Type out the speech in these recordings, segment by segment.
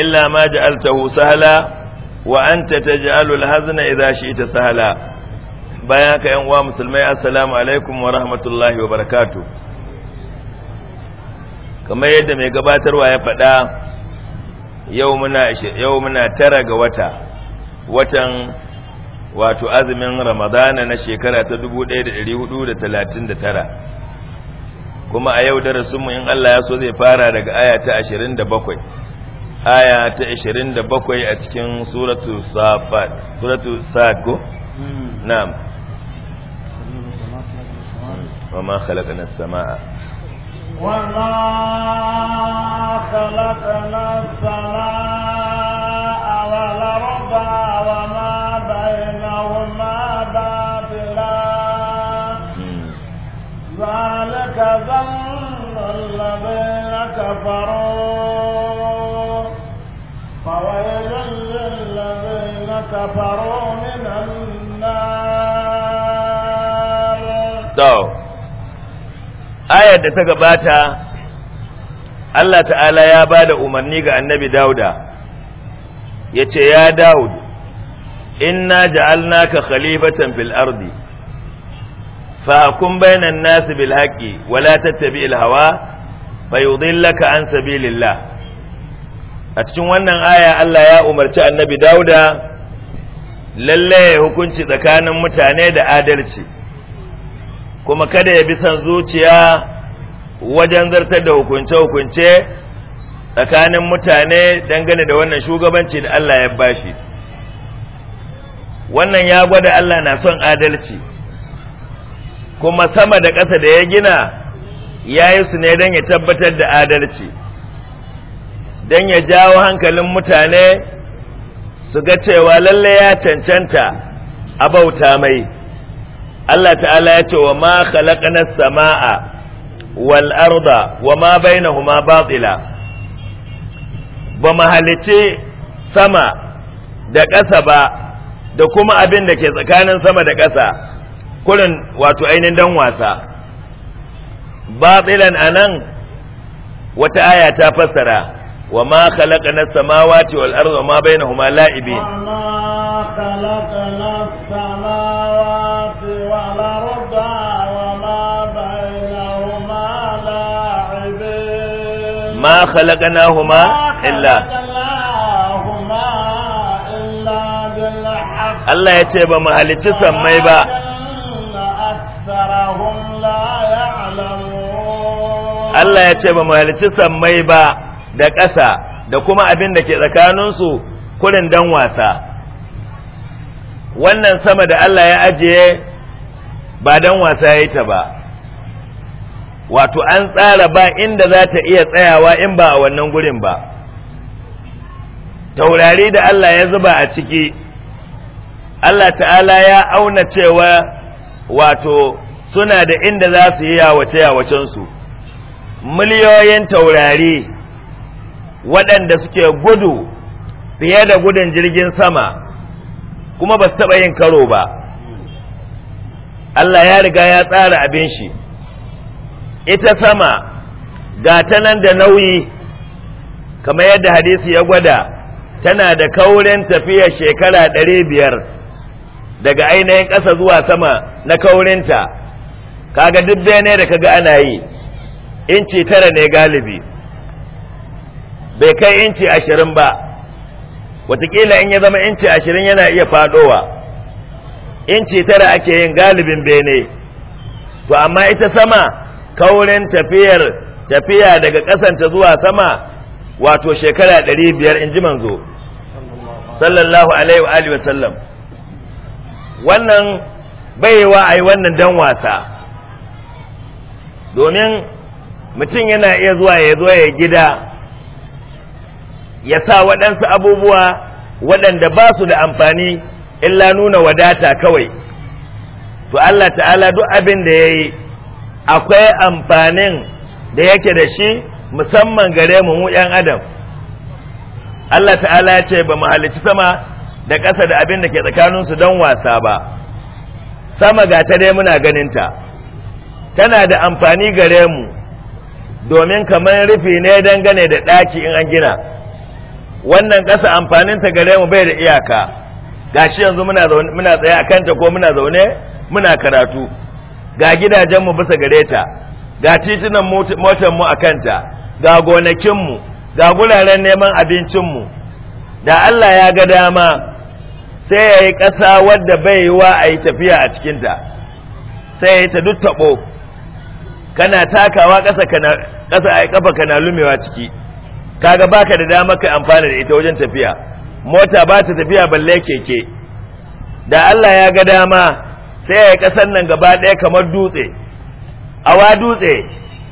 illa ma ja'altahu sahla wa anta taj'alul hazna idha shi'ta sahla bayan haka yan uwa musulmai assalamu alaikum wa rahmatullahi wa barakatuh kamar yadda mai gabatarwa ya faɗa yau muna yau muna tara ga wata watan wato azumin ramadana na shekara ta 1439 kuma a yau darasinmu in Allah ya so zai fara daga aya ta ashirin 27 aya ta 27 a cikin suratu safat suratu sago hmm. na'am wa ma khalaqana as-samaa'a wa ma khalaqana as-samaa'a wa al-ardha wa ma bainahuma batila hmm. zalika dhanna alladhina kafaroo فويل للذين كفروا من النار ayar da ta gabata Allah ta'ala ya ba da umarni ga annabi dauda ya ce ya daud inna ka khalifatan fil ardi fahkum bainan nasi bil haqqi wala tattabi'il hawa fayudillaka an sabilillah a cikin wannan aya Allah ya umarci annabi dauda lalle ya hukunci tsakanin mutane da adalci kuma kada ya bi san zuciya wajen zartar da hukunce-hukunce tsakanin mutane dangane da wannan shugabanci da Allah ya bashi wannan ya gwada Allah na son adalci kuma sama da ƙasa da ya gina ya yi su ne don ya tabbatar da adalci don ya jawo hankalin mutane su ga cewa lalle ya cancanta a bauta mai Allah ta'ala ya ce wa ma khalaqna sama'a wal arda wa ma bainahuma batila ba mu sama da ƙasa ba da kuma abin da ke tsakanin sama da ƙasa kurin wato ainihin dan wasa batilan anan wata aya ta fassara وما خلقنا السماوات والأرض وما بينهما لائبين وما خلقنا السماوات والأرض وما بينهما لاعبين ما خلقناهما إلا Allah ya ce ba mu halicci sammai ba Allah ya ce ba mu halicci sammai ba da ƙasa da kuma abin da ke tsakaninsu kurin dan wasa wannan sama da Allah ya ajiye ba dan wasa ya yi ta ba wato an tsara ba inda za ta iya tsayawa in ba a wannan gurin ba taurari da Allah ya zuba a ciki Allah ta'ala ya auna cewa wato suna da inda za su yi yawace-yawacensu miliyoyin taurari waɗanda suke gudu fiye da gudun jirgin sama kuma ba su taɓa yin karo ba Allah ya riga ya tsara abin shi ita sama ga ta nan da nauyi kamar yadda hadisi ya gwada tana da kaurin tafiya shekara ɗari biyar daga ainihin ƙasa zuwa sama na kaurinta kaga duk bene da kaga ana yi inci tara ne galibi bai kai inci ashirin ba watakila in ya zama inci ashirin yana iya fadowa inci tara ake yin galibin bene to amma ita sama kaurin tafiyar tafiya daga kasanta zuwa sama wato shekara ɗari biyar in ji manzo sallallahu alaihi wa sallam wannan baiwa a yi wannan dan wasa domin mutum yana iya zuwa ya zo ya gida ya sa waɗansu abubuwa waɗanda ba su da amfani illa nuna wadata kawai to Allah ta'ala duk abin da ya yi akwai amfanin da yake da shi musamman gare mu mu ‘yan adam Allah ta'ala ya ce ba mu halicci sama da ƙasa da abin da ke tsakaninsu don wasa ba sama ga ta dai muna ganinta tana da amfani gare mu domin kamar rufi ne dangane da ɗaki in an gina wannan ƙasa amfaninta gare mu bai da iyaka gashi yanzu muna muna tsaye a kanta ko muna zaune muna karatu ga gidajenmu bisa gare ta ga titunan motanmu a kanta ga gonakinmu ga guraren neman abincinmu da Allah ya ga dama sai ya yi ƙasa wadda bai yi wa a tafiya a cikinta sai ya yi ta duk taɓo kana takawa ƙasa kana lumewa ciki kaga baka da dama kai amfana da ita wajen tafiya mota ba ta tafiya balle keke da Allah ya ga dama sai ya kasan nan gaba ɗaya kamar dutse awa dutse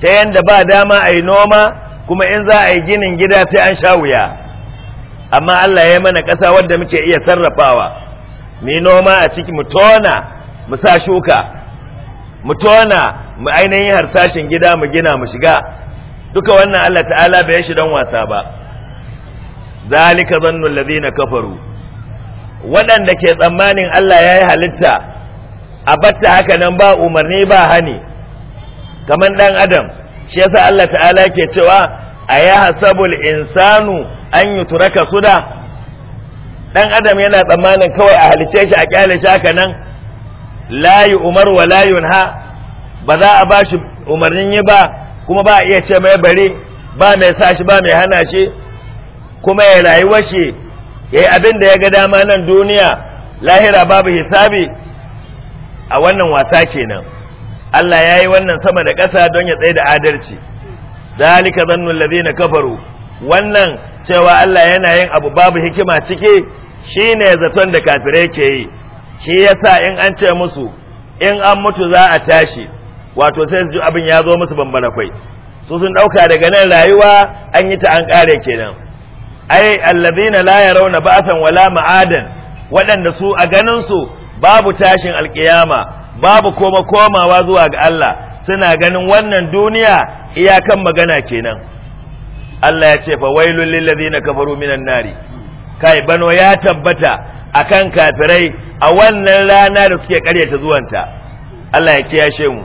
ta yanda ba dama a yi noma kuma in za a yi ginin gida sai an sha wuya amma Allah ya mana ƙasa wadda muke iya sarrafawa mu noma a ciki mu tona mu sa shuka mu tona mu ainihin harsashin gida mu gina mu shiga duka wannan Allah ta'ala bai shi dan wasa ba zalika zannu alladhina kafaru waɗanda ke tsammanin Allah ya yi halitta a batta haka nan ba umarni ba hani kamar ɗan adam shi yasa Allah ta'ala ke cewa a ya hasabul insanu an yi turaka suda ɗan adam yana tsammanin kawai a halice shi a kyale shi haka nan la umar wa la yunha ba za a ba shi umarnin yi ba kuma ba a iya ce mai bari. ba mai sa shi ba mai hana shi kuma ya rayuwa shi ya yi abin da ya ga dama nan duniya lahira babu hisabi a wannan wasa kenan Allah ya yi wannan sama da ƙasa don ya tsaye da adalci zalika zannun na kafaru wannan cewa Allah yana yin abu babu hikima ciki, shi ne zaton da kafirai ke yi shi yasa in an ce musu in an mutu za a tashi wato sai su abin ya zo musu bambana kwai su sun dauka daga nan rayuwa an yi ta an kare kenan ai allazina la yarawna ba'san wala ma'adan waɗanda su a ganin su babu tashin alkiyama babu koma komawa zuwa ga Allah suna ganin wannan duniya iyakan magana kenan Allah ya ce fa wailul lil ladina kafaru minan nari kai bano ya tabbata akan kafirai a wannan rana da suke karyata zuwanta Allah ya kiyashe mu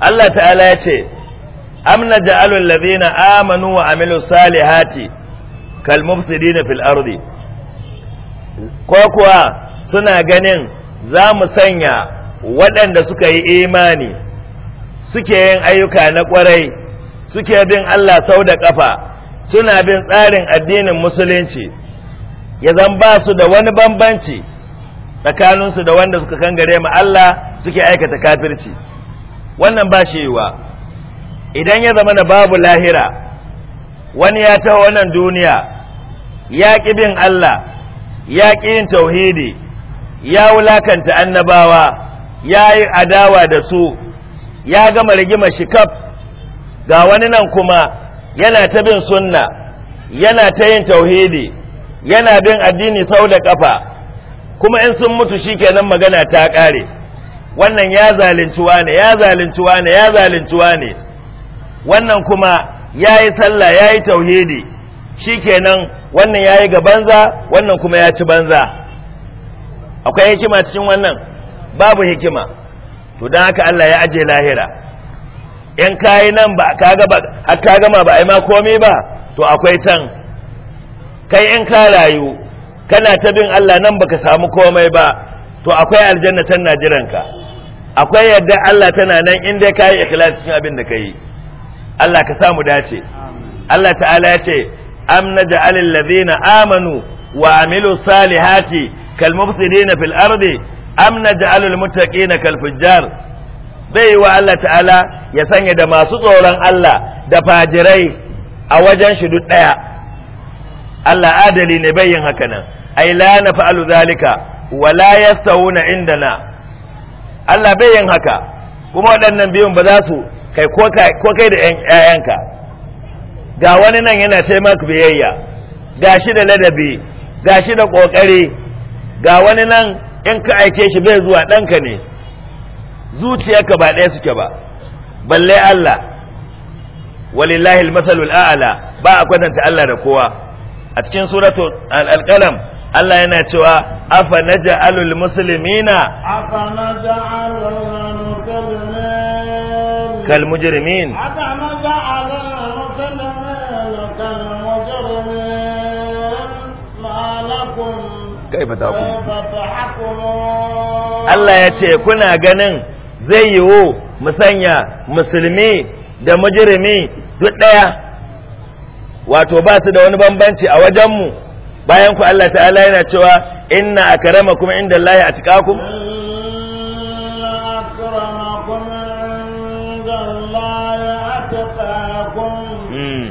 Allah ta'ala ya ce amna ja'alul lazina amanu wa amilu salihati kal mufsidina fil ardi ko kuwa suna ganin za mu sanya waɗanda suka yi imani suke yin ayyuka na ƙwarai suke bin Allah sau da ƙafa suna bin tsarin addinin musulunci ya zan ba su da wani bambanci tsakaninsu da wanda suka kangare mu Allah suke aikata kafirci wannan ba shi yiwa idan ya zama na babu lahira wani ya taho wannan duniya ya ƙi bin Allah ya ƙi yin tauhidi ya wulakanta annabawa ya yi adawa da su ya gama rigima shikaf ga wani nan kuma yana ta bin sunna yana ta yin tauhidi yana bin addini sau da ƙafa kuma in sun mutu shikenan magana ta ƙare wannan ya zalunci wane ya zalunci wane ya zalunci wane wannan kuma ya yi sallah ya yi tauhidi shikenan wannan ya yi ga banza wannan kuma ya ci banza akwai hikima cikin wannan babu hikima to don haka Allah ya aje lahira in kayi nan ba a ba har ka gama ba ai ma komai ba to akwai tan kai in ka rayu kana ta bin Allah nan baka samu komai ba to akwai aljanna tan na jiranka akwai yadda Allah tana nan in dai kai ikhlas cikin abin da kai Allah ka samu dace Allah ta'ala ya ce am naj'al ladhina amanu wa amilu salihati kal mufsidina fil ardi am al muttaqina kal fujjar bai wa Allah ta'ala ya sanya da masu tsoron Allah da fajirai a wajen shi duk daya Allah adali ne bai yin haka nan ai la na fa'alu zalika wala yastawuna indana Allah bai yin haka kuma waɗannan biyun ba za su kai ko kai da ƴaƴanka ga wani nan yana taimaka biyayya ga shi da ladabi ga shi da ƙoƙari ga wani nan in ka aike shi bai zuwa ɗanka ne zuciyarka ba ɗaya suke ba balle Allah walillahi almasalul a'la ba a kwatanta Allah da kowa a cikin suratu al Allah yana cewa afa naj'alul muslimina afa naj'alul muslimin kal mujrimin afa naj'alul muslimin kal mujrimin ma kaifa tahkumun Allah ya ce kuna ganin zai yiwu musanya musulmi da mujrimi duk daya wato ba su da wani bambanci a wajenmu bayan ku Allah ta'ala yana cewa inna akramakum inda Allah atqakum hmm.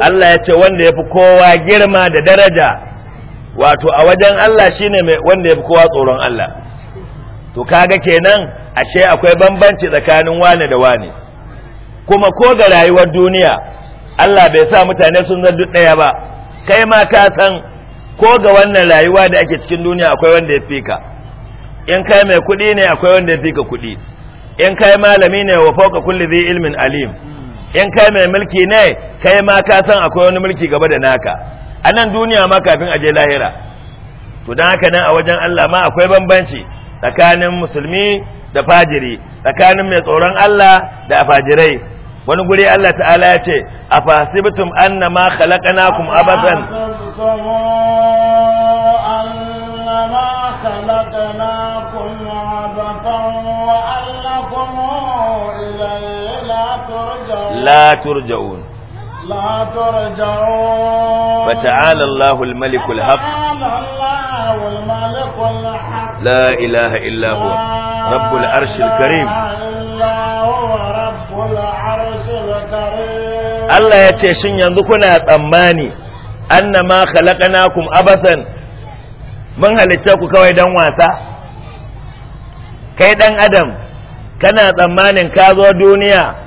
Allah ya ce wanda ya fi kowa girma da daraja wato a wajen Allah shine wanda ya fi kowa tsoron Allah to kaga kenan ashe akwai bambanci tsakanin wane da wane kuma ko ga rayuwar duniya Allah bai sa mutane sun zan duk ɗaya ba kai ma ka san ko ga wannan rayuwa da ake cikin duniya akwai wanda ya fi ka in kai mai kuɗi ne akwai wanda ya fi ka kuɗi in kai malami ne wa fauka kulli zai ilmin alim in kai mai mulki ne kai ma ka san akwai wani mulki gaba da naka a nan duniya ma kafin aje lahira to don haka nan a wajen Allah ma akwai bambanci tsakanin musulmi da fajiri tsakanin mai tsoron Allah da fajirai wani guri Allah ta'ala ya ce afasibtum annama khalaqnakum abasan annama khalaqnakum la turja'un لا ترجعون فتعالى الله الملك الحق لا إله إلا هو رب العرش الكريم Allah ya ce shin yanzu kuna tsammani annama khalaqnakum abasan mun halicce ku kawai dan wasa kai dan adam kana tsammanin ka zo duniya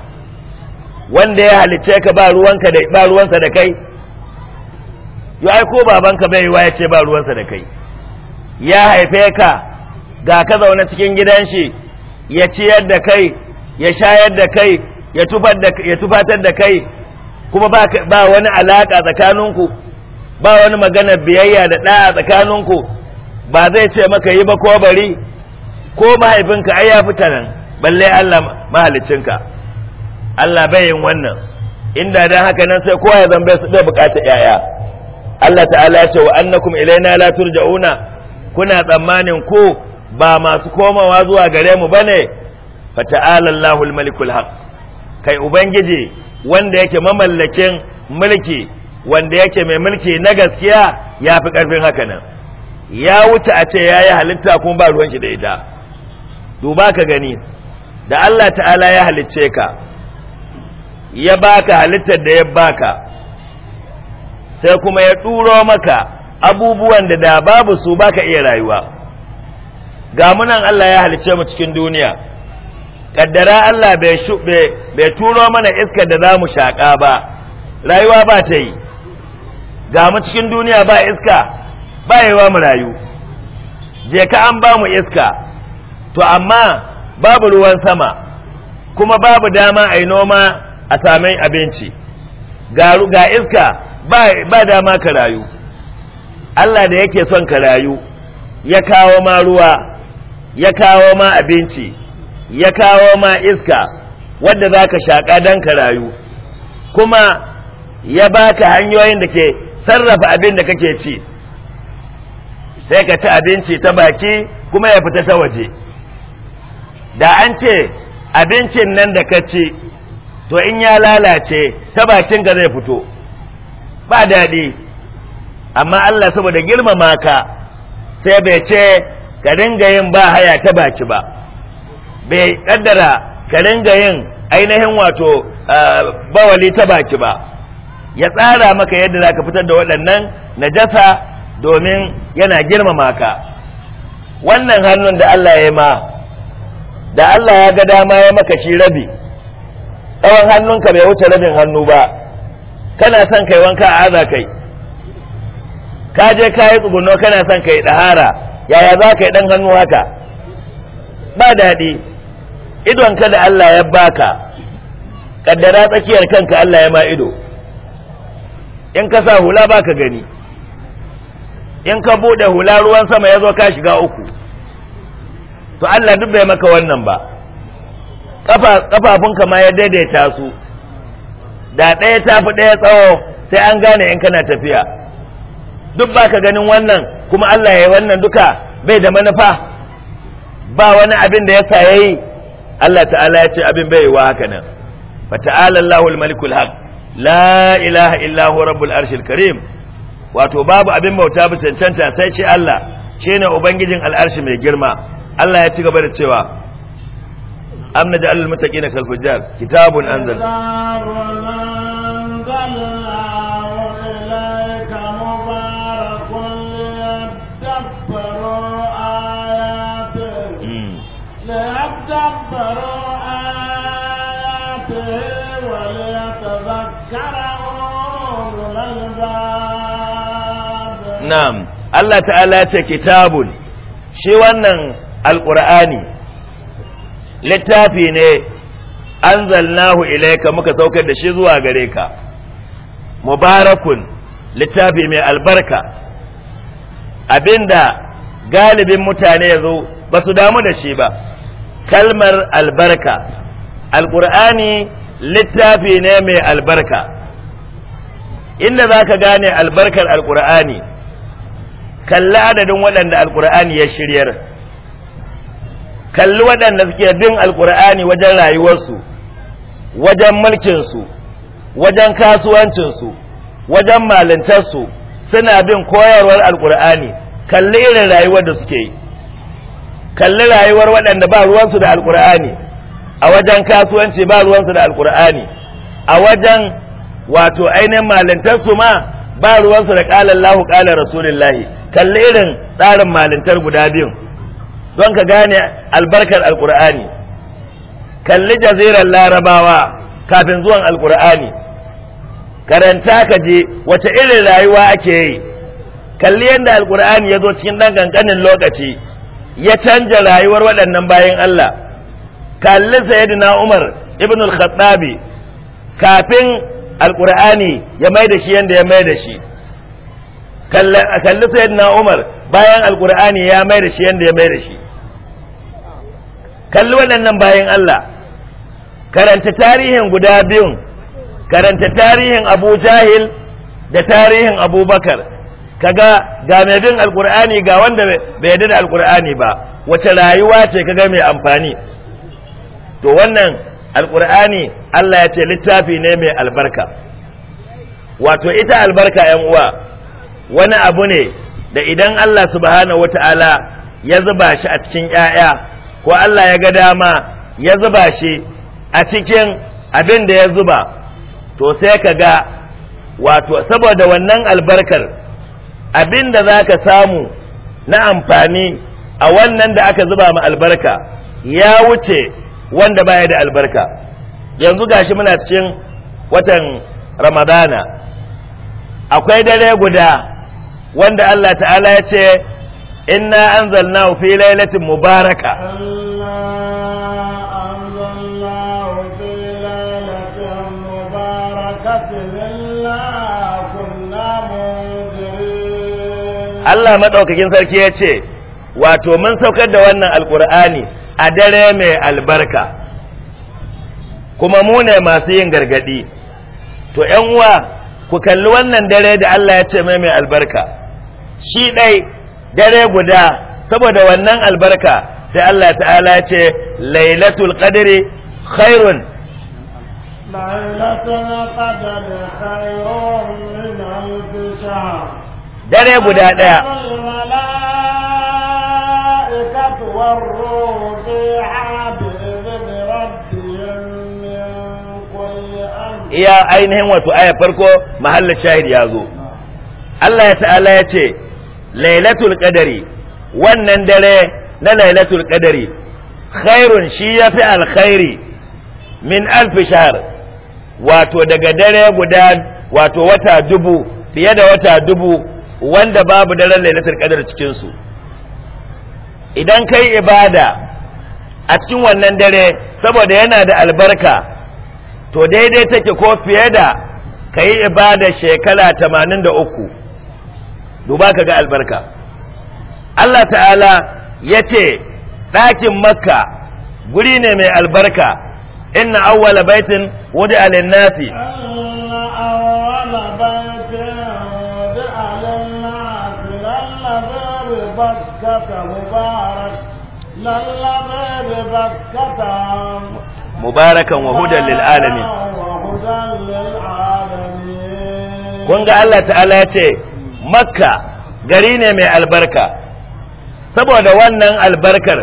wanda ya halicce ka ba ruwanka da ba ruwansa da kai yo ai ko babanka bai yi wa yace ba ruwansa da kai ya haife ka ga ka zauna cikin gidan shi ya ciyar da kai ya shayar da kai ya tufar da ya tufatar da kai kuma ba ba wani alaka tsakaninku ba wani magana biyayya da da tsakaninku ba zai ce maka yi ba ko bari ko mahaifinka ai ya fita nan balle Allah mahaliccinka Allah bai yin wannan inda dan haka nan sai kowa ya zambe su da bukata yaya Allah ta'ala ya ce wa annakum ilaina la turja'una kuna tsammanin ko ba masu komawa zuwa gare mu bane fa ta'ala Allahul malikul haq kai ubangiji wanda yake mamallakin mulki wanda yake mai mulki na gaskiya ya fi ƙarfin haka nan ya wuce a ce yayi halitta kuma ba ruwan shi da ita duba ka gani da Allah ta'ala ya halicce ka ya baka halittar da ya baka sai kuma ya turo maka abubuwan da da babu su baka iya rayuwa ga munan Allah ya halice mu cikin duniya kaddara Allah bai turo mana iskar da zamu mu shaƙa ba rayuwa ba ta yi ga mu cikin duniya ba iska ba yawa mu rayu je ka an ba mu iska to amma babu ruwan sama kuma babu dama a yi noma a samun abinci ga iska ba dama ka rayu Allah da yake son ka rayu ya kawo ma ruwa ya kawo ma abinci ya kawo ma iska wadda za ka shaƙa don ka rayu kuma ya ba ka hanyoyin da ke sarrafa abin da kake ci sai ka ci abinci ta baki kuma ya fita ta waje da an ce abincin nan da ka ci to in ya lalace ta bakin ka zai fito ba daɗi amma Allah saboda girmama ka sai bai ce ka dinga yin ba haya ta baki ba bai kaddara ka dinga yin ainihin wato bawali ta baki ba ya tsara maka yadda za ka fitar da waɗannan najasa domin yana girmama ka wannan hannun da Allah ya ma da Allah ya ga dama ya maka shi rabi tsawon hannunka bai wuce rabin hannu ba kana son kai wanka a aza kai ka je ka yi tsuguno kana son kai ɗahara yaya za ka yi ɗan hannu haka ba daɗi idonka da Allah ya baka kaddara tsakiyar kanka Allah ya ma ido in ka sa hula baka gani in ka buɗe hula ruwan sama ya zo ka shiga uku to Allah duk bai maka wannan ba Ƙafafunka ma ya daidaita su da ɗaya ta fi ɗaya tsawo sai an gane in kana tafiya duk ba ka ganin wannan kuma Allah ya yi wannan duka bai da manufa ba wani abin da ya sa ya yi Allah ta'ala ya ce abin bai yi wa haka nan fa ta'ala Allahul malikul haq la ilaha illa huwa rabbul arshil karim wato babu abin bauta ba cancanta sai shi Allah shine ubangijin al'arshi mai girma Allah ya ci gaba da cewa أم نجعل المتقين كالفجار كتاب أنزل كتاب أنزلناه إليك مبارك ليدبروا آياته ليدبروا آياته وليتذكر أولو الألباب نعم الله تعالى كتاب شي wannan alqur'ani littafi ne an anzalnahu ilaika muka saukar da shi zuwa gare ka mubarakun littafi mai albarka abinda galibin mutane yazo ba su damu da shi ba kalmar albarka alqur'ani littafi ne mai albarka inda za ka gane albarkar alkur'ani kalli adadin waɗanda alkur'ani ya shiryar kalli waɗanda suke bin alkur'ani wajen rayuwarsu wajen mulkinsu wajen kasuwancinsu wajen malintarsu suna bin koyarwar alkur'ani kalli irin rayuwar da suke yi kalli rayuwar waɗanda ba ruwansu da alkur'ani a wajen kasuwanci ba ruwansu da alkur'ani a wajen wato ainihin malintarsu ma ba ruwansu da ƙalallahu ƙalar rasulillahi kalli irin tsarin malintar guda biyu don ka gane albarkar alkur'ani kalli jaziran larabawa kafin zuwan alkur'ani karanta ka je wace irin rayuwa ake yi kalli yadda alkur'ani ya zo cikin ɗan ƙanƙanin lokaci ya canja rayuwar waɗannan bayan Allah kalli sayyidina Umar ibn al-Khattabi kafin alkur'ani ya mai shi yadda ya mai shi kalli sayyidina Umar bayan alkur'ani ya mai shi yadda ya mai da shi kalli waɗannan bayan Allah karanta tarihin guda biyun karanta tarihin Abu Jahil da tarihin Abubakar kaga ga mai bin alkur'ani ga wanda bai yadda da alkur'ani ba wace rayuwa ce kaga mai amfani to wannan alkur'ani Allah ya ce littafi ne mai albarka wato ita albarka yan uwa wani abu ne da idan Allah subhanahu wata'ala ya zuba shi a cikin 'ya'ya ko Allah ya ga dama ya zuba shi a cikin abin da ya zuba to sai ka ga wato saboda wannan albarkar abin da za ka samu na amfani a wannan da aka zuba ma albarka ya wuce wanda baya da albarka yanzu gashi muna cikin watan ramadana akwai dare guda wanda Allah ta'ala ya ce inna anzalnahu fi lailatin mubaraka Allah maɗaukakin sarki ya ce, Wato, mun saukar da wannan alkur'ani a dare mai albarka, kuma mu ne masu yin gargaɗi. To, uwa ku kalli wannan dare da Allah ya ce mai mai albarka, shi ɗai dare guda saboda wannan albarka sai Allah ta'ala ce lailatul qadri khairun dare guda daya iya ainihin wato aya farko mahallin shahid ya zo Allah ya ta'ala ya ce lailatul qadari wannan dare na lailatul qadari khairun shi ya fi alkhairi min alf shahr wato daga dare guda wato wata dubu fiye da wata dubu wanda babu daren lailatul qadar cikin su idan kai ibada a cikin wannan dare saboda yana da albarka to daidai take ko fiye da kai ibada shekara 83 duba ka ga albarka Allah ta'ala ya ce ɗakin makka guri ne mai albarka inna awwala baitin wudi alinnasi mubarakan wa hudan lil alamin kun ga Allah ta'ala ya ce makka gari ne mai albarka saboda wannan albarkar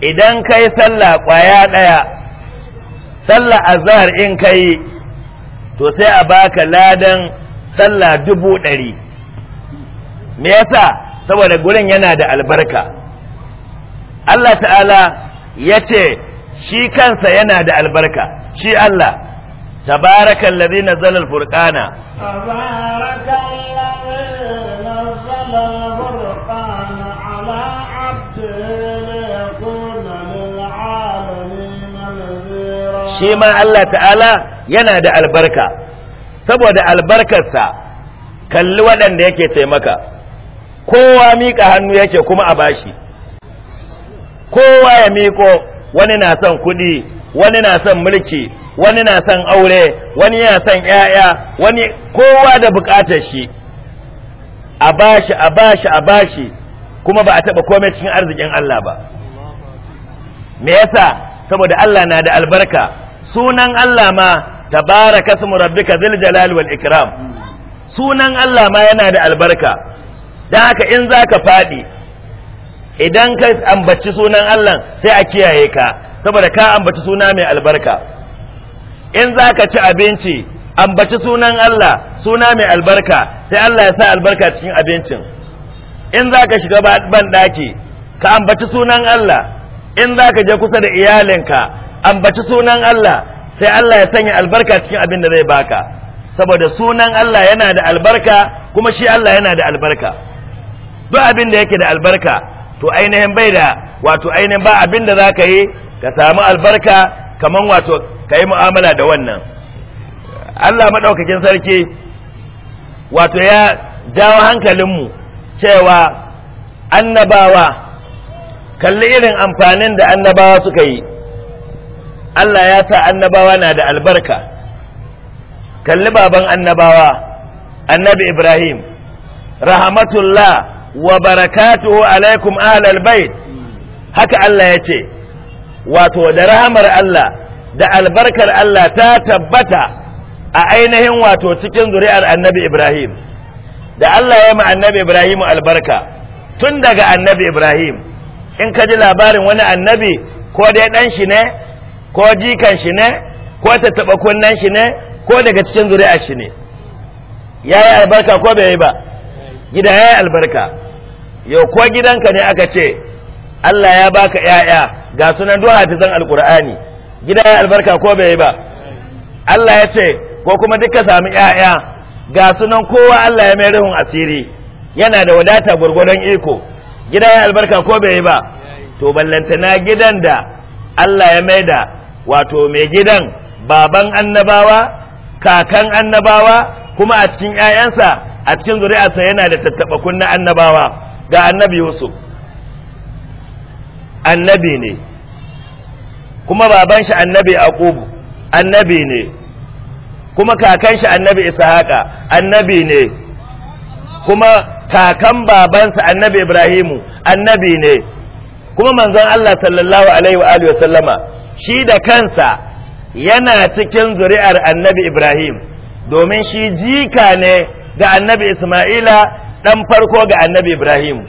idan ka yi sallah ƙwaya ɗaya sallah azhar in ka yi to sai a baka ladan sallah dubu ɗari me yasa saboda gurin yana da albarka Allah ta'ala ya ce shi kansa yana da albarka shi Allah tabarakan ladina zalal furqana tabarakan shi الفرقان على ta'ala ليكون للعالمين نذيرا شيما الله تعالى saboda albarkarsa kalli waɗanda yake taimaka kowa miƙa hannu yake kuma a bashi kowa ya miƙo wani na son kuɗi wani na son mulki wani na son aure wani yana son ‘ya'ya wani kowa da buƙatar shi a bashi a bashi a bashi kuma ba a taɓa komai cikin arzikin Allah ba me yasa saboda Allah na da albarka sunan Allah ma tabaraka smu rabbika zil jalal wal ikram sunan Allah ma yana da albarka dan haka in zaka fadi idan ka ambaci sunan Allah sai a kiyaye ka saboda ka ambaci suna mai albarka in zaka ci abinci ambaci sunan Allah suna mai albarka sai Allah ya sa albarka cikin abincin in za ka shiga ban ɗaki ka ambaci sunan Allah in za ka je kusa da iyalinka ambaci sunan Allah sai Allah ya sanya albarka cikin abin da zai baka saboda sunan Allah yana da albarka kuma shi Allah yana da albarka duk abin da yake da albarka to ainihin bai da wato ainihin ba abin da za ka yi ka samu albarka kaman wato ka yi mu'amala da wannan Allah maɗaukakin sarki wato ya jawo hankalinmu cewa annabawa kalli irin amfanin da annabawa suka yi Allah ya sa annabawa na da albarka kalli baban annabawa annabi Ibrahim rahmatullah wa barakatuhu alaikum ahlal bait haka Allah ya ce wato da rahamar Allah da albarkar Allah ta tabbata a ainihin wato cikin zuri'ar annabi Ibrahim da Allah ya ma annabi Ibrahim albarka tun daga annabi Ibrahim in ka ji labarin wani annabi ko dai dan shi ne ko jikan shi ne ko tattaɓa kunnen shi ne ko daga cikin zuri'ar shi ne ya yi albarka ko bai yi ba gida ya yi albarka yau ko gidanka ne aka ce Allah ya baka ‘ya'ya ga sunan duwa hafizan alkur'ani gida ya albarka ko bai yi ba Allah ya ce ko kuma duka sami ‘ya'ya ga sunan kowa Allah ya mai rihun asiri yana da wadata gwargwadon iko gida ya albarka ko bai yi ba to ballantana gidan da Allah ya mai da wato mai gidan baban annabawa kakan annabawa kuma a cikin ‘ya'yansa a cikin zuri'arsa yana da tattaɓa na annabawa ga annabi Yusuf annabi ne kuma baban shi annabi Aqubu annabi ne kuma kakan shi annabi ishaqa annabi ne kuma kakan babansa annabi ibrahimu annabi ne kuma manzon Allah sallallahu alaihi wa alihi sallama shi da kansa yana cikin zuri'ar annabi ibrahim domin shi jika ne ga annabi isma'ila dan farko ga annabi ibrahim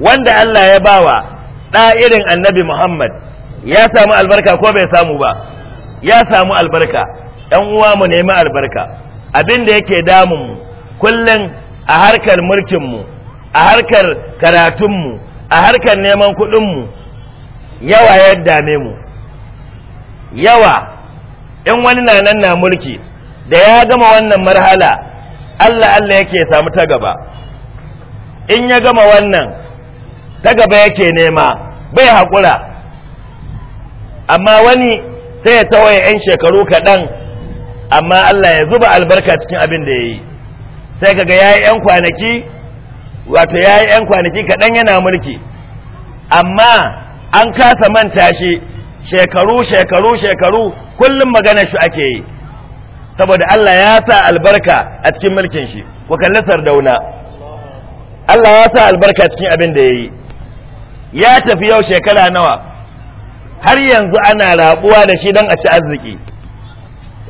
wanda Allah ya bawa ɗa irin annabi muhammad ya samu albarka ko bai samu ba ya samu albarka yan uwa mu nemi albarka abin da yake damun mu kullum a harkar mulkin mu a harkar karatun mu a harkar neman kuɗin mu yawa ya dame mu yawa in wani na nan na mulki da ya gama wannan marhala Allah Allah yake samu ta gaba in ya gama wannan ta gaba yake nema bai haƙura amma wani sai ya tawaye 'yan shekaru kaɗan amma Allah ya zuba albarka cikin abin da ya yi sai kaga ya yi 'yan kwanaki wato ya yi 'yan kwanaki kaɗan yana mulki amma an kasa manta shi shekaru shekaru shekaru kullum magana shi ake yi saboda Allah ya sa albarka a cikin mulkin shi wa kalli dauna Allah ya sa albarka cikin abin da ya yi ya tafi yau shekara nawa har yanzu ana rabuwa da shi don a ci arziki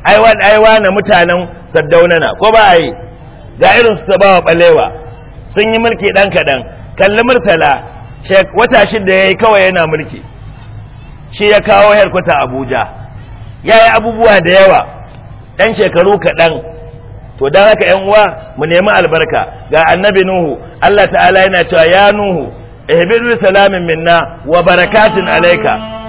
aiwa na mutanen saddaunana ko ba a yi ga irin su bawa balewa sun yi mulki dan kadan kalli murtala wata shida yayi kawai yana mulki shi ya kawo herkuta abuja ya yi abubuwa da yawa ɗan shekaru kaɗan to don haka ‘yan uwa mu nemi albarka ga annabi nuhu allah ta'ala yana cewa ya nuhu ihbir salamin minna wa barakatin alaika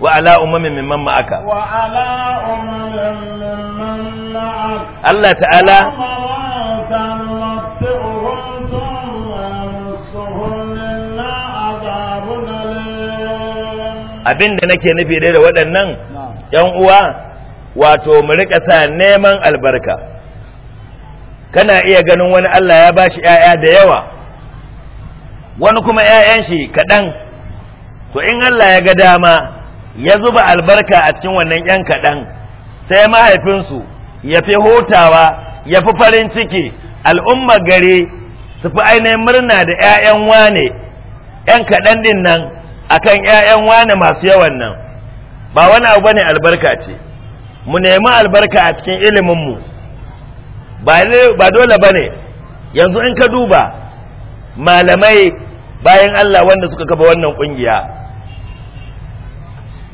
وعلى أمم ممن معك وعلى أمم ممن معك الله تعالى abin da nake nufi dai da waɗannan ‘yan uwa wato mu rika sa neman albarka kana iya ganin wani Allah ya bashi ‘ya'ya da yawa wani kuma ‘ya'yan shi kaɗan to in Allah ya ga dama ya zuba albarka a cikin wannan ‘yan kaɗan sai mahaifinsu ya fi yafi ya fi farin ciki al'umma gari su fi ainihin murna da ‘ya'yan wane ‘yan kaɗan ɗin nan kan ‘ya'yan wane masu yawan nan ba wani abu ne albarka ce mu nemi albarka a cikin iliminmu ba dole ba ne yanzu in ka duba malamai bayan Allah wanda suka kafa wannan ƙungiya.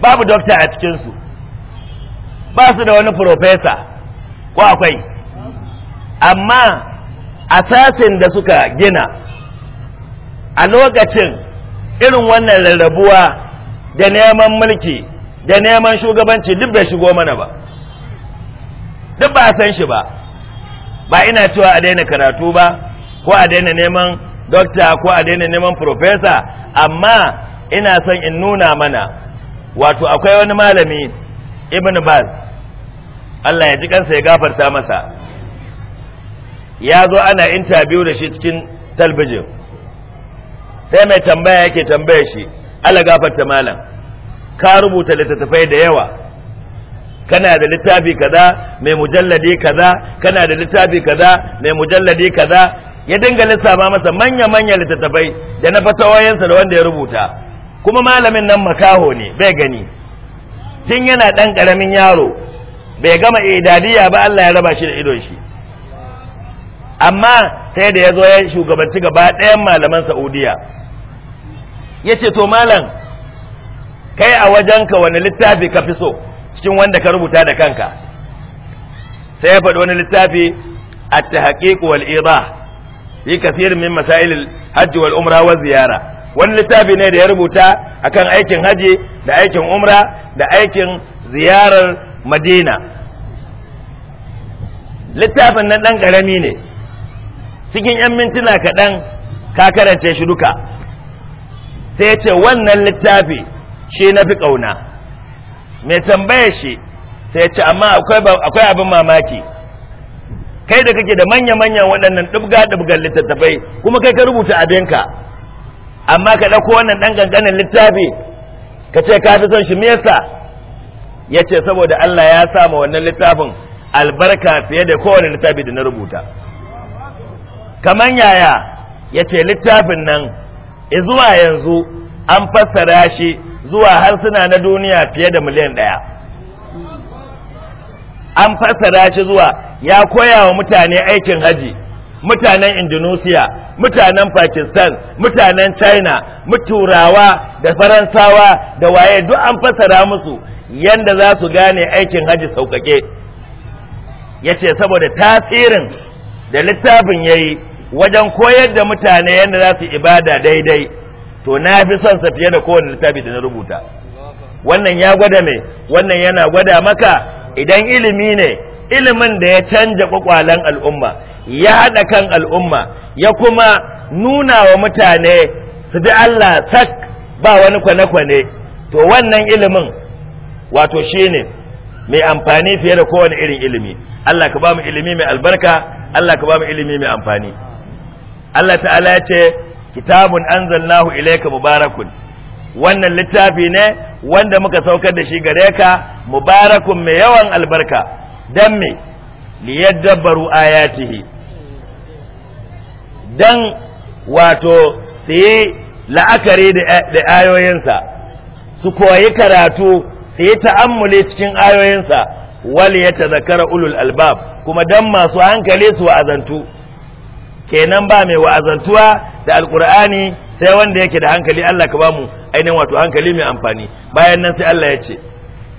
babu dokta a cikinsu ba su da wani profesa ko akwai amma asasin da suka gina a lokacin irin wannan rarrabuwa da neman mulki da neman shugabanci duk bai shigo mana ba duk ba san shi ba ba ina cewa a daina karatu ba ko a daina neman dokta ko a daina neman profesa amma ina son in nuna mana wato akwai wani malami ibn baz Allah ya ji kansa ya gafarta masa ya zo ana interview da shi cikin talbijin sai mai tambaya yake tambaye shi ala gafarta malam ka rubuta littattafai da yawa kana da littafi kaza mai mujalladi kaza kana da littafi kaza mai mujalladi kaza ya dinga lissafa masa manya-manya littattafai da na fatawayensa da wanda ya rubuta kuma malamin nan makaho ne bai gani tun yana ɗan ƙaramin yaro bai gama idadiya ba Allah ya raba shi da idon shi amma sai da ya zo ya shugabanci gaba ɗayan malaman Saudiya ya ce to malam kai a wajenka wani littafi ka fi so cikin wanda ka rubuta da kanka sai ya faɗi wani littafi a ta haƙiƙu wal fi kasirin min masailin hajji wal umra wa ziyara wani littafi ne da ya rubuta akan aikin haji da aikin umra da aikin ziyarar madina littafin nan ɗan ƙarami ne cikin 'yan mintuna kaɗan ka karance shi duka sai ya ce wannan littafi shi na fi ƙauna mai tambaye shi sai ya ce amma akwai abin mamaki kai da kake da manya-manyan waɗannan ɗubga-ɗubgan littattafai kuma kai ka rubuta abinka amma ka ɗauko wannan ɗan ganganin littafi ka ce ka fi son shi me yasa ya ce saboda Allah ya sa ma wannan littafin albarka fiye da kowane littafi da na rubuta kamar yaya ya ce littafin nan zuwa yanzu an fassara shi zuwa harsuna na duniya fiye da miliyan ɗaya an fassara shi zuwa ya koya wa mutane aikin haji mutanen indonesia mutanen pakistan mutanen china muturawa da faransawa da waye duk an fasara musu yanda za su gane aikin hajji sauƙaƙe ya ce saboda tasirin da littafin ya yi wajen koyar da mutane yadda za su ibada daidai to na fi son sa fiye da kowane littafi da na rubuta wannan ya gwada mai wannan yana gwada maka idan ilimi ne ilimin da ya canja kwakwalen al'umma ya haɗa kan al'umma ya kuma nuna wa mutane su bi Allah sak ba wani kwane-kwane to wannan ilimin wato shine mai amfani fiye da kowane irin ilimi Allah ka ba mu ilimi mai albarka Allah ka ba mu ilimi mai amfani Allah ta'ala ya ce kitabun anzalnahu ilayka mubarakun wannan littafi ne wanda muka saukar da shi gare ka mubarakun mai yawan albarka dan me liyadabbaru ayatihi dan wato sai la'akari da ayoyinsa su koyi karatu su yi ta'ammuli cikin ayoyinsa wal ya ulul albab kuma dan masu hankali su wa'azantu kenan ba mai wa'azantuwa da alkur'ani sai wanda yake da hankali Allah ka bamu ainihin wato hankali mai amfani bayan nan sai Allah ya ce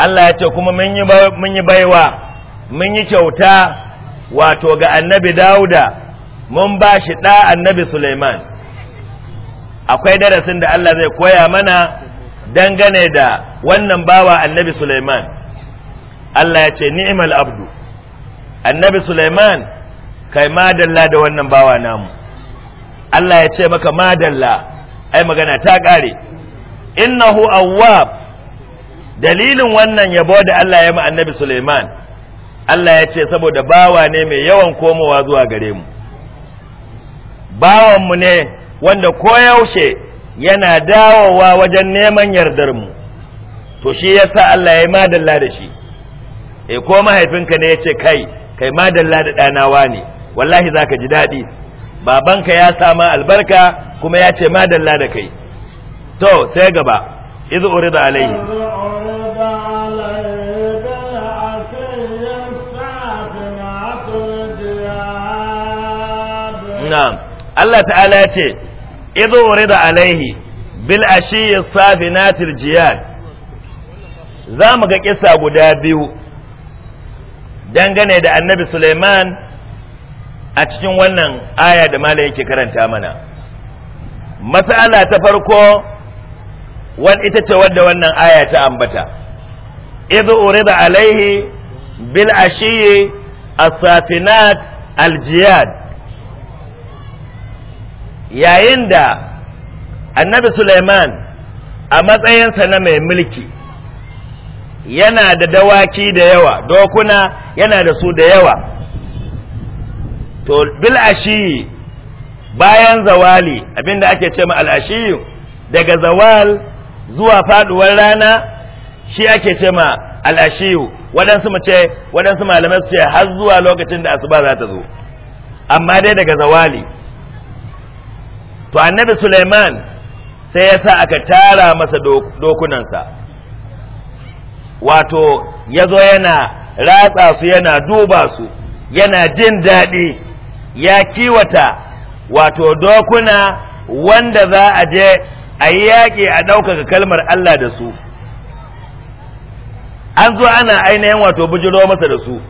Allah ya ce kuma mun yi baiwa mun yi kyauta wato ga annabi dauda mun ba shi ɗa annabi suleiman akwai darasin da Allah zai koya mana dangane da wannan bawa annabi suleiman Allah ya ce ni'mal abdu annabi suleiman kai madalla da wannan bawa namu Allah ya ce maka madalla ai magana ta ƙare innahu awwab dalilin wannan yabo da Allah ya ma annabi Suleiman Allah ya ce saboda bawa ne mai yawan komowa zuwa gare mu bawanmu ne wanda koyaushe yana dawowa wajen neman yardar mu to shi yasa Allah ya yi madalla da shi e ko mahaifinka ne ya ce kai kai madalla da ɗanawa ne wallahi za ka ji daɗi babanka ya sama albarka kuma ya ce madalla da kai to sai gaba izu urida alaihi na'am Allah ta'ala ya ce idh urida alaihi bil ashiyi sabinatil jiyad za mu ga kisa guda biyu dangane da annabi Suleiman a cikin wannan aya da mala yake karanta mana matsala ta farko wani ita ce wadda wannan aya ta ambata idu urida alaihi bil ashiyi as-safinat al-jiyad yayin da annabi Suleiman a matsayinsa na mai mulki yana da dawaki da yawa dokuna yana da su da yawa to bil ashi bayan zawali abinda ake ce ma al'ashiyu daga zawal zuwa faduwar rana shi ake ce ma al'ashiyu waɗansu mace waɗansu malamai su ce har zuwa lokacin da asuba za ta zo amma dai daga zawali to annabi Suleiman sai ya sa aka tara masa dokunansa wato ya zo yana ratsa su yana duba su yana jin daɗi ya kiwata wato dokuna wanda za a je a yi yaƙi a ɗaukaka kalmar Allah da su an zo ana ainihin wato bujiro masa da su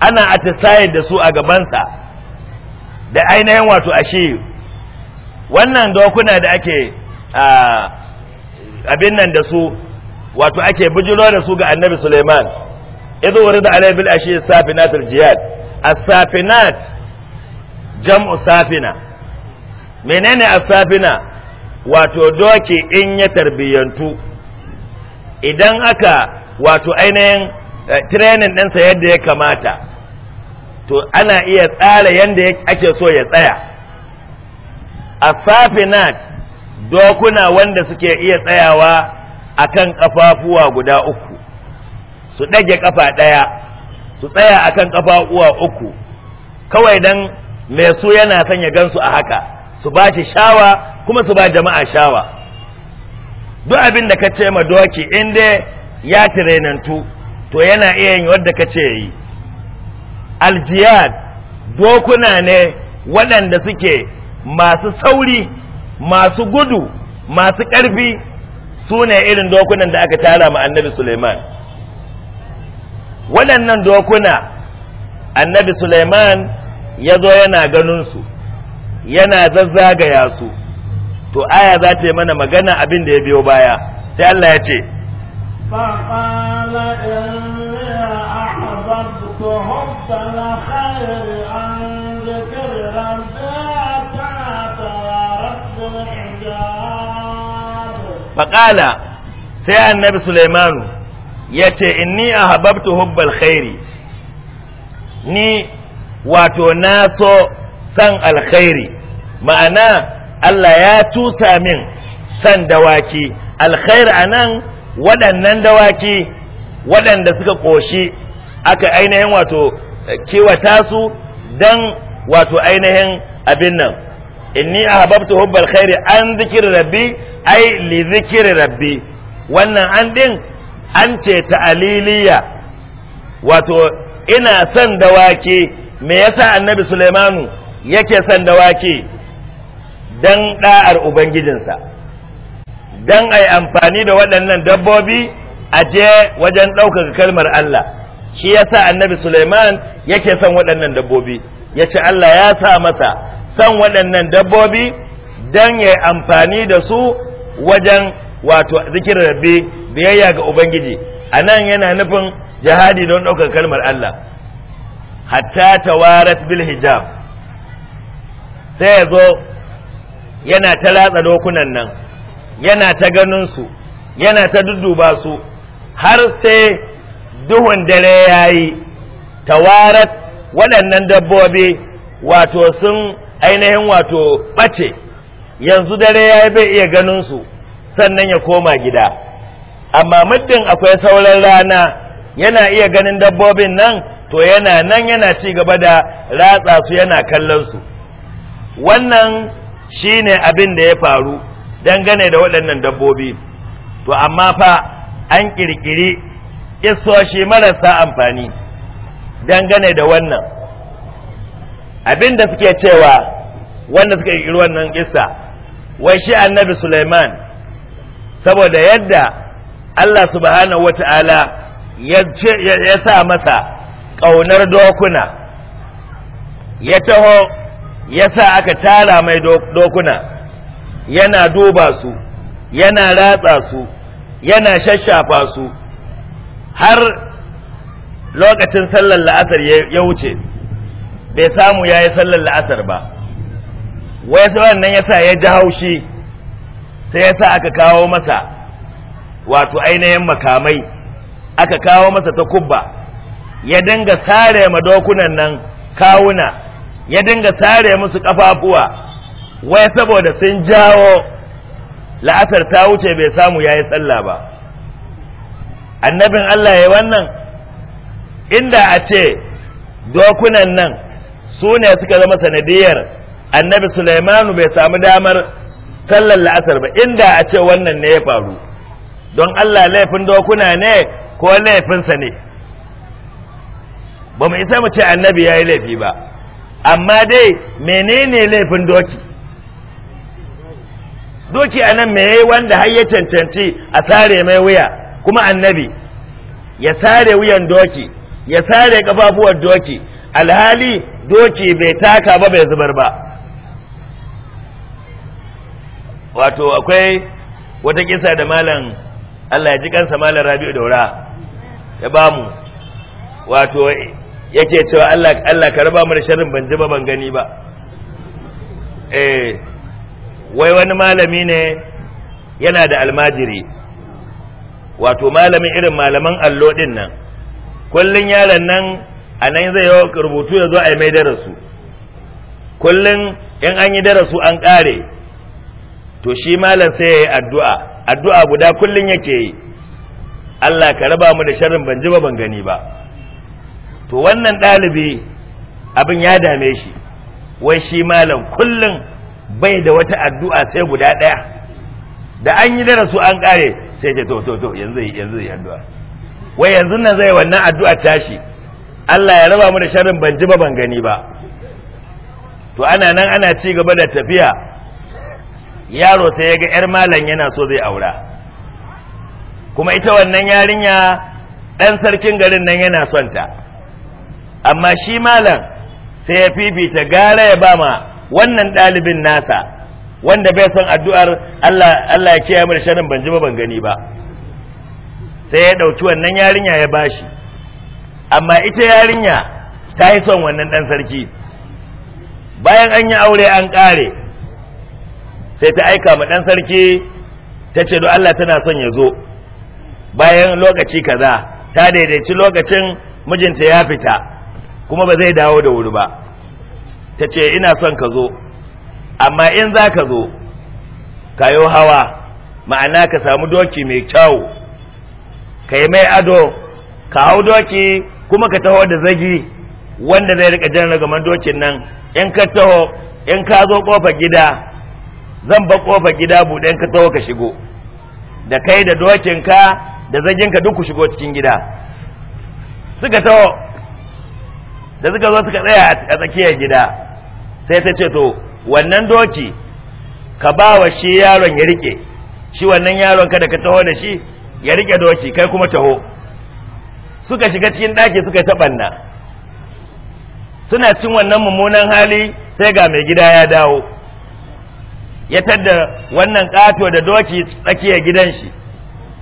ana atisayar da su a gabansa da ainihin wato ashe wannan dokuna da ake abin nan da su wato ake bujiro da su ga annabi suleiman idu wuri da alaibil ashi safinat jihad as-safinat jam'u safina menene as-safina wato doki in ya tarbiyantu idan aka wato ainihin eh, training ɗinsa yadda ya kamata to ana iya tsara yadda ake so ya tsaya asafinat dokuna wanda suke iya tsayawa akan ƙafafuwa guda uku su ɗage ƙafa ɗaya su tsaya akan kafafuwa uku kawai dan mai su yana son ya gansu a haka su ba shi shawa kuma su ba jama'a shawa duk abin da ka ce ma doki in dai ya tirenantu to yana iya yin wadda ka ce yi aljiyad dokuna ne waɗanda suke masu sauri masu gudu masu ƙarfi su ne irin dokunan da aka tara ma annabi suleiman waɗannan dokuna annabi suleiman ya zo yana ganinsu yana zazzagaya su to aya za ta yi mana magana abin da ya biyo baya sai Allah ya ce فقال إني أحببت حب الخير faƙala sai annabi Sulaimanu ya ce inni a hababtu hubbal khairi ni wato na so san alkhairi ma'ana Allah ya tusa min san dawaki alkhair a nan waɗannan dawaki waɗanda suka ƙoshi aka ainihin wato kewata su don wato ainihin abin nan inni a hababtu hubbal khairi an zikir rabbi ai li zikiri rabbi wannan an din an ce ta'aliliya wato ina son dawaki me yasa annabi Suleimanu yake son dawaki dan da'ar ubangijinsa dan ai amfani da waɗannan dabbobi a je wajen ɗaukaka kalmar Allah shi yasa annabi Sulaiman yake son waɗannan dabbobi yace Allah ya sa masa son waɗannan dabbobi dan ya amfani da su wajen wato zikirin rabbi biyayya ga ubangiji a nan yana nufin jihadi don ɗaukar kalmar Allah hatta tawarat bil hijab sai ya zo yana ta latsa dokunan nan yana ta ganin su yana ta dudduba su har sai duhun dare yayi tawarat waɗannan dabbobi wato sun ainihin wato ɓace yanzu dare ya bai iya ganin su sannan ya koma gida amma muddin akwai sauran rana yana iya ganin dabbobin nan to yana nan yana ci gaba da ratsa su yana kallon su wannan shine abin da ya faru dangane da waɗannan dabbobi to amma fa an ƙirƙiri isoshi marasa amfani dangane da wannan abin da suke cewa wanda suka ƙirƙiri wannan kissa wai shi annabi Sulaiman saboda yadda Allah subhanahu wata'ala ya sa masa ƙaunar dokuna ya taho ya sa aka tara mai dokuna yana duba su yana ratsa su yana shashafa su har lokacin sallar la'asar ya wuce bai samu ya yi sallar la'asar ba wai sai wannan yasa ya ji haushi sai yasa aka kawo masa wato ainihin makamai aka kawo masa ta kubba ya dinga sare dokunan nan kawuna ya dinga sare musu kafafuwa wai saboda sun jawo la'asar ta wuce bai samu yayi sallah ba annabin Allah ya wannan inda a ce dokunan nan su ne suka zama sanadiyar annabi sulaimanu bai samu damar sallar la'asar ba inda a ce wannan ne ya faru don allah laifin dokuna ne ko laifinsa ne ba mu isa mu ce annabi ya yi laifi ba amma dai menene laifin doki doki a nan mai wanda har ya cancanci a sare mai wuya kuma annabi ya sare wuyan doki ya sare kafafuwar doki alhali doki bai taka ba bai zubar ba wato akwai wata kisa da malam Allah ya ji kansa malam Rabi'u Daura ya bamu wato yake cewa Allah Allah ka raba mu da sharrin ban ji ba ban gani ba eh wai wani malami ne yana da almajiri wato malamin irin malaman allo din nan kullun yaron nan a nan zai yi rubutu ya zo a mai darasu kullun in an yi darasu an ƙare to shi malam sai yayi addu'a addu'a guda kullun yake yi Allah ka raba mu da sharrin ban ji ba ban gani ba to wannan ɗalibi abin ya dame shi wai shi malam kullun bai da wata addu'a sai guda ɗaya da an yi darasu an ƙare sai ce to to to yanzu yanzu addu'a wai yanzu nan zai wannan addu'a tashi Allah ya raba mu da sharrin ban ji ba ban gani ba to ana nan ana ci gaba da tafiya yaro sai ya ga 'yar malam yana so zai aura kuma ita wannan yarinya ɗan sarkin garin nan yana son ta amma shi malam sai ya fifita gara ya bama wannan ɗalibin nasa wanda bai son addu'ar Allah ya kiyaye mai shanin ban ban gani ba sai ya ɗauki wannan yarinya ya bashi amma ita yarinya ta yi son wannan ɗan sarki bayan an yi aure an ƙare sai ta aika ma dan sarki ta ce don Allah tana son ya zo bayan lokaci kaza ta daidaici lokacin mijinta ya fita kuma ba zai dawo da wuri ba ta ce ina son ka zo amma in za ka zo kayo hawa ma'ana ka samu doki mai kyau ka yi mai ado ka hau doki kuma ka taho da zagi wanda zai rika jan ragaman dokin nan in ka taho in ka zo kofar gida zan ba kofa gida buɗe ka tawo ka shigo da kai da dokinka da zaginka duk ku shigo cikin gida suka tawo da suka zo suka tsaya a tsakiyar gida sai ta ce to wannan doki ka ba wa shi yaron ya rike shi wannan yaron ka da ka taho da shi ya rike doki kai kuma taho suka shiga cikin ɗaki suka taɓanna suna cin wannan mummunan hali sai ga mai gida ya dawo ya tadda wannan kato da doki tsakiyar gidan shi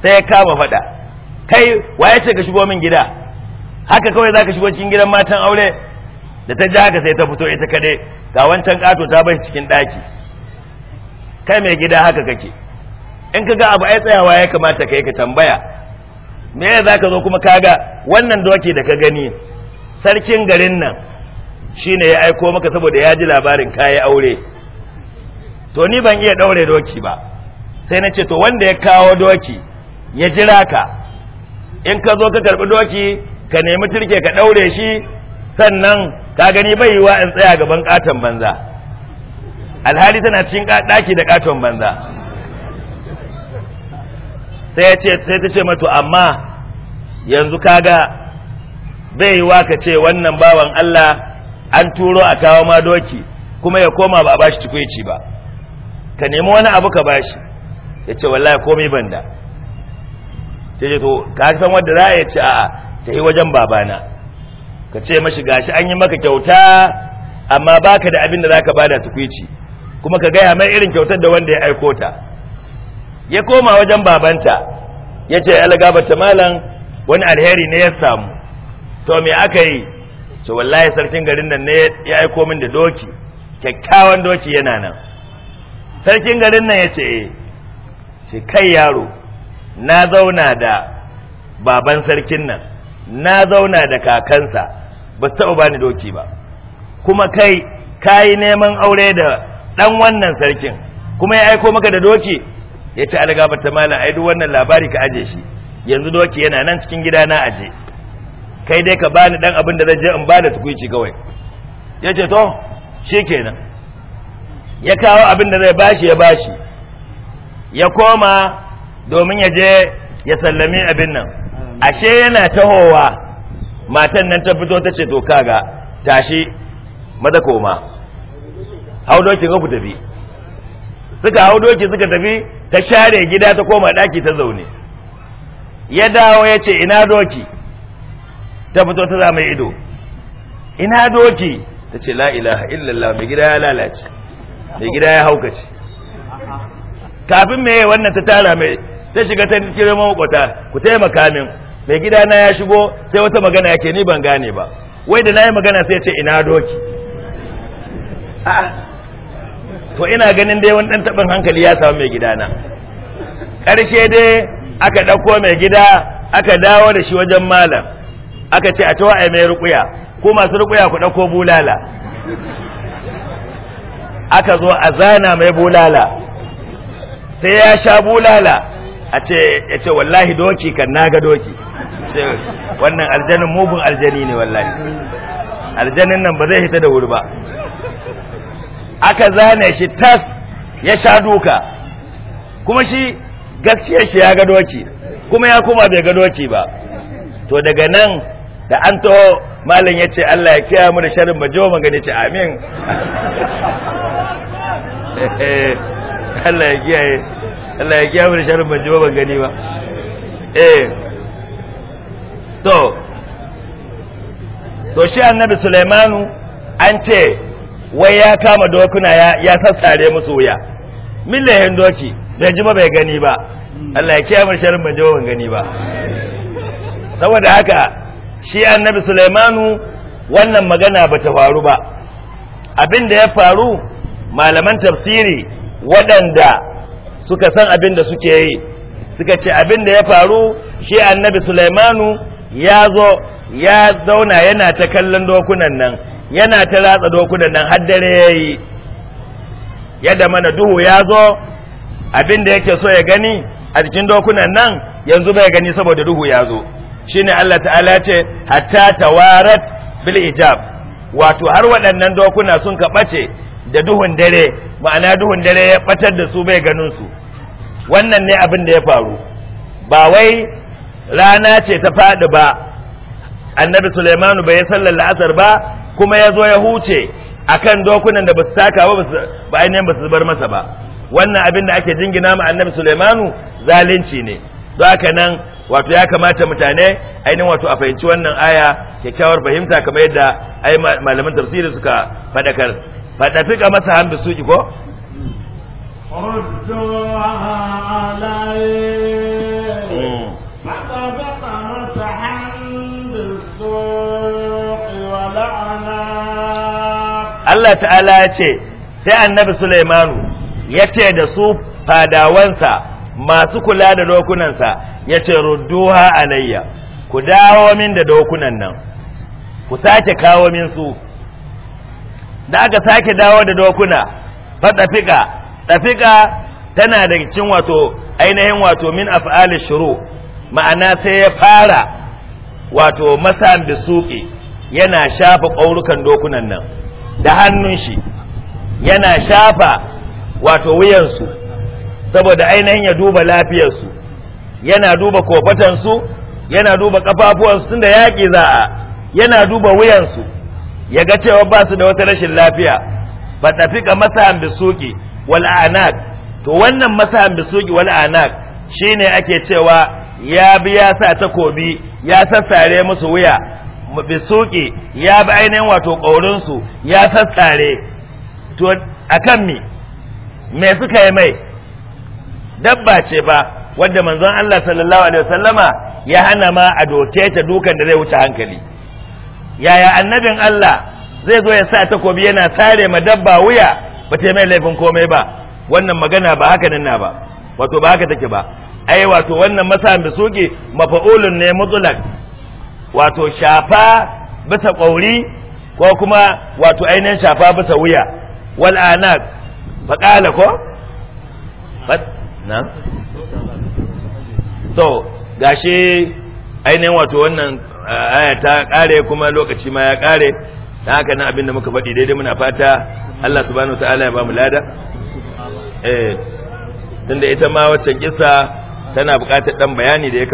sai ya kama faɗa kai wa ya ce ka shigo min gida haka kawai za ka shigo cikin gidan matan aure da ta ji haka sai ta fito ita kaɗai ga wancan kato ta bai cikin ɗaki kai mai gida haka kake in ka ga abu ai tsayawa ya kamata kai ka tambaya me ya za ka zo kuma kaga wannan doki da ka gani sarkin garin nan shine ya aiko maka saboda ya ji labarin kayi aure to ni ban iya daure doki ba sai na ce to wanda ya kawo doki ya jira ka in ka zo ka karbi doki ka nemi turke ka daure shi sannan ka gani bai yiwa in tsaya gaban katon banza alhali tana cikin daki da katon banza sai ya ce sai ta ce mato amma yanzu kaga bai yiwa ka ce wannan bawan Allah an turo a kawo ma doki kuma ya koma ba a bashi tukuici ba ka nemi wani abu ka bashi ya ce wallahi komai banda sai ce to ka san wanda za ya ce a'a ta yi wajen babana ka ce mashi gashi an yi maka kyauta amma baka da abin da zaka bada tukwici kuma ka gaya mai irin kyautar da wanda ya aiko ta ya koma wajen babanta ya ce alagabata malam wani alheri ne ya samu to me aka yi ce wallahi sarkin garin nan ne ya aiko min da doki kyakkyawan doki yana nan sarkin garin nan ya ce ce eh, kai yaro na zauna da baban sarkin nan na zauna da kakansa ba su taɓa bani doki ba kuma kai ka yi neman aure da ɗan wannan sarkin kuma ya aiko maka da doki ya ce algabata mala aidu duk wannan labari ka aje shi yanzu doki yana nan cikin gida na aje kai dai ka bani ɗan abin da zai je in bada tukuici kawai ya ce to shi kenan. ya kawo abin da zai bashi ya bashi ya koma domin ya je ya sallami abin nan ashe yana tahowa matan nan ta fito ta ce to kaga tashi maza koma hau doki ga ku tafi suka hau doki suka tafi ta share gida ta koma daki ta zaune ya dawo ya ce ina doki ta fito ta zama ido ina doki ta ce la ilaha illallah mai gida ya lalace mai gida ya haukace kafin mai wannan ta tara mai ta shiga ta kira mawakwata ku taimaka min mai gida na ya shigo sai wata magana yake ni ban gane ba wai da na yi magana sai ce ina doki to ina ganin dai wani ɗan taɓin hankali ya samu mai gida na ƙarshe dai aka ɗauko mai gida aka dawo da shi wajen malam aka ce a tawa a mai rukuya ko masu rukuya ku ɗauko bulala aka zo a zana mai bulala sai ya sha bulala a ce ya ce wallahi doki kan naga doki ce wannan aljanin mugun aljani ne wallahi aljanin nan ba zai hita da wuri ba aka zane shi tas ya sha duka kuma shi gaskiyar shi ya ga doki kuma ya kuma bai ga doki ba to daga nan da an taho malam ya ce Allah ya kiyaye mu da sharin majo magana ce amin Eh, Allah ya kiyaye Allah ya kiyaye da sharin ban ji ba ban gani ba eh to to shi annabi Sulaimanu an ce wai ya kama dokuna ya sassare musu wuya millahin doki bai ji ba bai gani ba Allah ya kiyaye sharrin ban ji ba ban gani ba saboda haka shi annabi Sulaimanu wannan magana bata faru ba abin da ya faru malaman tafsiri waɗanda suka san abin da suke yi suka ce abin da ya faru shi annabi sulaimanu ya zo ya zauna yana ta kallon dokunan nan yana ta ratsa dokunan nan har dare ya yi yadda mana duhu ya zo abin da yake so ya gani a jikin dokunan nan yanzu bai gani saboda duhu ya zo shine Allah ta'ala ce hatta tawarat bil ijab wato har waɗannan dokuna sun kaɓace da duhun dare ma'ana duhun dare ya batar da su bai ganin su wannan ne abin da ya faru ba wai rana ce ta faɗi ba annabi sulaimanu bai sallar la'asar ba kuma ya zo ya huce akan dokunan da ba su taka ba ba ainihin ba su bar masa ba wannan abin da ake jingina ma annabi sulaimanu zalunci ne don haka nan wato ya kamata mutane ainihin wato a fahimci wannan aya kyakkyawar fahimta kamar yadda ai malaman tafsiri suka faɗakar faɗa fika masa hambi suki ko Allah ta'ala ya ce sai annabi Sulaimanu ya ce da su fadawansa masu kula da dokunansa ya ce rudduha alayya ku dawo min da dokunan nan ku sake kawo min su da aka sake dawo da dokuna fa tafika tana da cikin wato ainihin wato min af'ali shuru ma'ana sai ya fara wato masan bisuki yana shafa ƙaurukan dokunan nan da hannun shi yana shafa wato wuyansu saboda ainihin ya duba lafiyarsu yana duba kofatansu yana duba kafafuwansu tunda yaƙi za yana duba wuyansu ya ga cewa ba su da wata rashin lafiya ba tafi ka masahan bisuki wal to wannan masahan bisuki wal anak shine ake cewa ya bi ya sa takobi ya sassare musu wuya bisuki ya bi ainihin wato ƙaurinsu ya sassare to akan me me suka yi mai dabba ce ba wadda manzon Allah sallallahu alaihi wasallama ya hana ma a doke ta dukan da zai wuce hankali yaya annabin Allah zai zo ya sa takobi yana sare ma dabba wuya ba ta mai laifin komai ba wannan magana ba haka nan na ba wato ba haka take ba ai wato wannan masa bisuki mafa'ulun ne mutlak wato shafa bisa kauri ko kuma wato ainihin shafa bisa wuya wal anak faqala ko na to gashi ainihin wato wannan aya ta kare kuma lokaci ma ya kare ta haka nan abinda muka faɗi daidai muna fata Allah subhanahu ta'ala ya ba mu lada eh tunda ita ma wacce kisa tana buƙatar dan bayani da ya